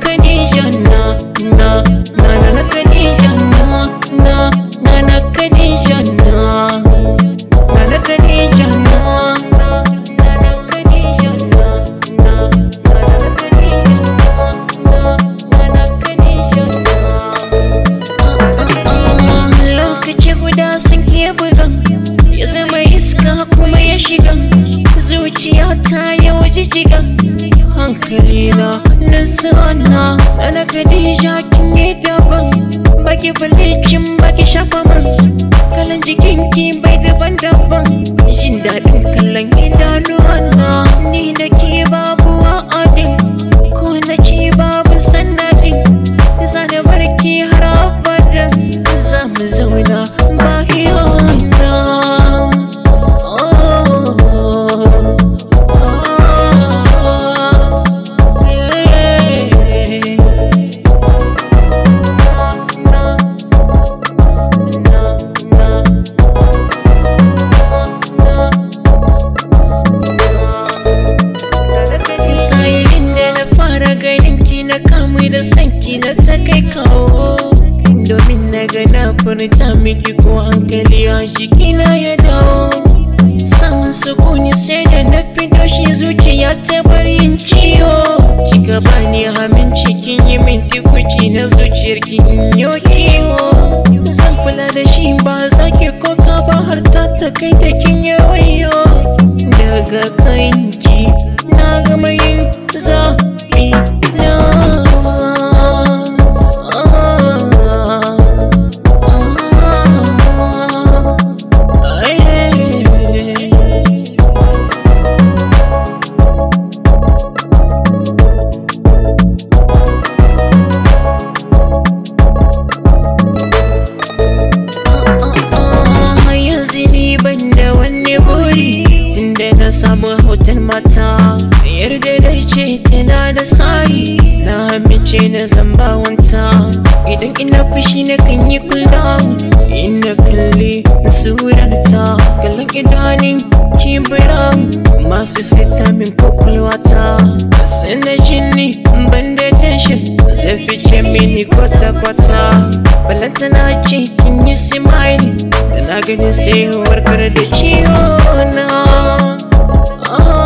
Khadija, na na na na na Khadija, na na na na Khadija. shiga zuciya ta waje jijiga hankali na na sana na kadija kin daban baki falicin baki shafa man kalan jikin ki bai daban daban jin daɗin kallon idanu na ni da ke babu ta kai kawo domin na ga na furta miki ko hankali a jikina ya dawo samun sukuni sai da na fito shi zuciya ta bar yin ciwo ki gaba ne hamin cikin yi min na zuciyar ki in yo zan kula da shi ba za ki koka ba har ta ta kai da kin daga kanki na gama yin za bautar mata yar daidai ce tana da sari na hamice na wanta idan ina fushi na kan yi kula ina kalli na surarta kallon idanun kibira masu sita min ta sana jini ban da tashin zafi ce mini kwata-kwata balanta na ce in yi simani na gani sai warkar da ciwo na Uh-huh.